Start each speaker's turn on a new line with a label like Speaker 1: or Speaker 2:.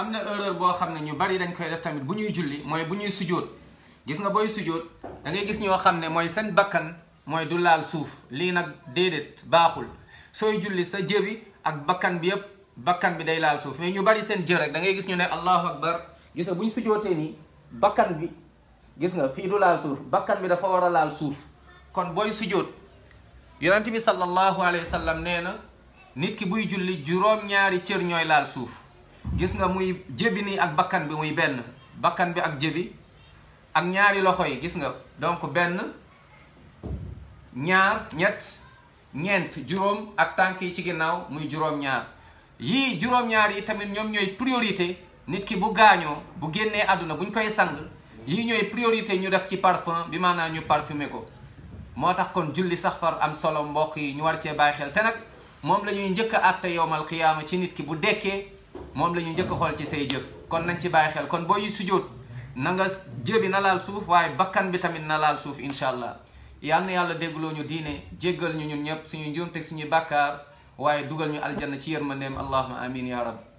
Speaker 1: am na erreur boo xam ne ñu bari dañ koy def tamit bu ñuy julli mooy bu ñuy sujjóot gis nga booy sujjóot da ngay gis ñoo xam ne mooy seen bakkan mooy du laal suuf lii nag déedéet baaxul sooy julli sa jë ak bakkan bi yëpp bakkan bi day laal suuf mais ñu bari seen jë rek da ngay gis ñu ne allahu akbar gis nga buñ ñu sujootee nii bakkan bi gis nga fii du laal suuf bakkan bi dafa war a laal suuf kon booy sujoot yonent bi sallallahu alayhi wa nee na nit ki buy julli juróom-ñaari cër ñooy laal suuf gis nga muy jëbi nii ak bakkan bi muy benn bakkan bi ak jëbi ak ñaari loxo yi gis nga donc benn ñaar ñett ñeent juróom ak tànk yi ci ginnaaw muy juróom-ñaar yii juróom-ñaar yi tamit ñoom ñooy priorité nit ki bu gaañoo bu génnee àdduna buñ koy sang yii ñooy priorité ñu def ci parfum bi maanaa ñu parfumé ko moo tax kon julli sax far am solo mbokk yi ñu war cee bàyyi xel te nag moom la ñuy njëkk a àtte yowmal qiyaama ci nit ki bu dekkee moom la ñu njëkk xool ci say jëf kon nañ ci bàyyi xel kon booy sujjóot na nga jëbi na laal suuf waaye bakkan bi tamit na laal suuf incha allah yàlla na yàlla déggloo ñu diine jéggal ñu ñun ñëpp suñu njuumte suñuy bàkkaar waaye dugal ñu aljanna ci yërmandeem allahuma amin ya rabbi